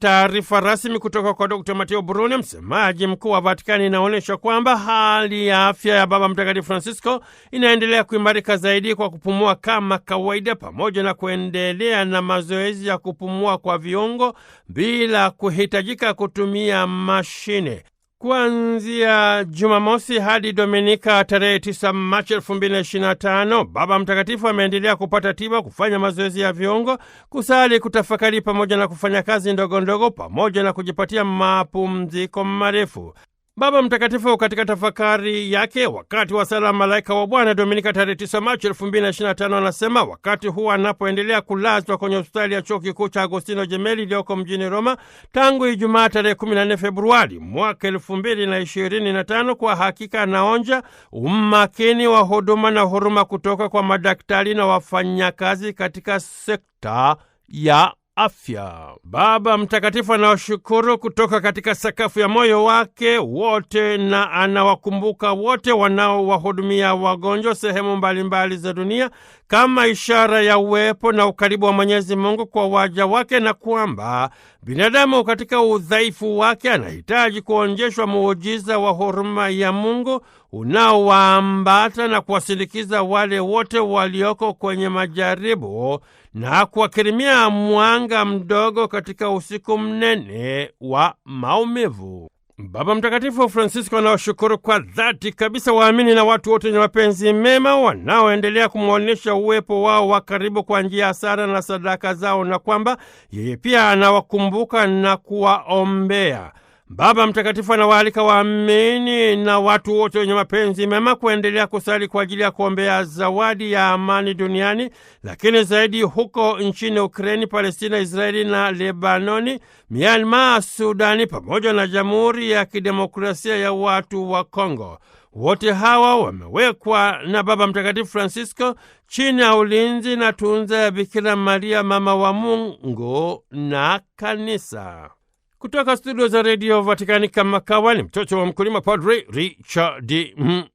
Taarifa rasmi kutoka kwa Dr Mateo Bruni, msemaji mkuu wa Vatikani, inaonyesha kwamba hali ya afya ya Baba Mtakatifu Francisco inaendelea kuimarika zaidi kwa kupumua kama kawaida, pamoja na kuendelea na mazoezi ya kupumua kwa viungo bila kuhitajika kutumia mashine kuanzia Jumamosi hadi Dominika tarehe 9 Machi 2025, Baba Mtakatifu ameendelea kupata tiba, kufanya mazoezi ya viungo, kusali, kutafakari pamoja na kufanya kazi ndogondogo, ndogo, pamoja na kujipatia mapumziko marefu. Baba Mtakatifu katika tafakari yake wakati wa sala malaika wa Bwana Dominika tarehe 9 Machi 2025 anasema wakati huu anapoendelea kulazwa kwenye hospitali ya chuo kikuu cha Agostino Jemeli iliyoko mjini Roma tangu Ijumaa tarehe 14 Februari mwaka 2025, kwa hakika anaonja umakini wa huduma na huruma kutoka kwa madaktari na wafanyakazi katika sekta ya afya. Baba Mtakatifu anawashukuru kutoka katika sakafu ya moyo wake wote na anawakumbuka wote wanaowahudumia wagonjwa sehemu mbalimbali za dunia kama ishara ya uwepo na ukaribu wa Mwenyezi Mungu kwa waja wake na kwamba binadamu katika udhaifu wake anahitaji kuonjeshwa muujiza wa huruma ya Mungu unaowaambata na kuwasindikiza wale wote walioko kwenye majaribu na kuwakirimia mwanga mdogo katika usiku mnene wa maumivu. Baba Mtakatifu Francisco anawashukuru kwa dhati kabisa waamini na watu wote wenye mapenzi mema wanaoendelea kumwonyesha uwepo wao wa karibu kwa njia ya sala na sadaka zao, na kwamba yeye pia anawakumbuka na kuwaombea. Baba Mtakatifu anawaalika waamini na watu wote wenye mapenzi mema kuendelea kusali kwa ajili ya kuombea zawadi ya amani duniani, lakini zaidi huko nchini Ukraini, Palestina, Israeli na Lebanoni, Myanmar, Sudani pamoja na Jamhuri ya Kidemokrasia ya Watu wa Kongo. Wote hawa wamewekwa na Baba Mtakatifu Francisco chini ya ulinzi na tunza ya Bikira Maria, mama wa Mungu na Kanisa. Kutoka studio za redio Vatikani kama kawa ni mtoto wa mkulima, Padri Richard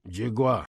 Mjigwa.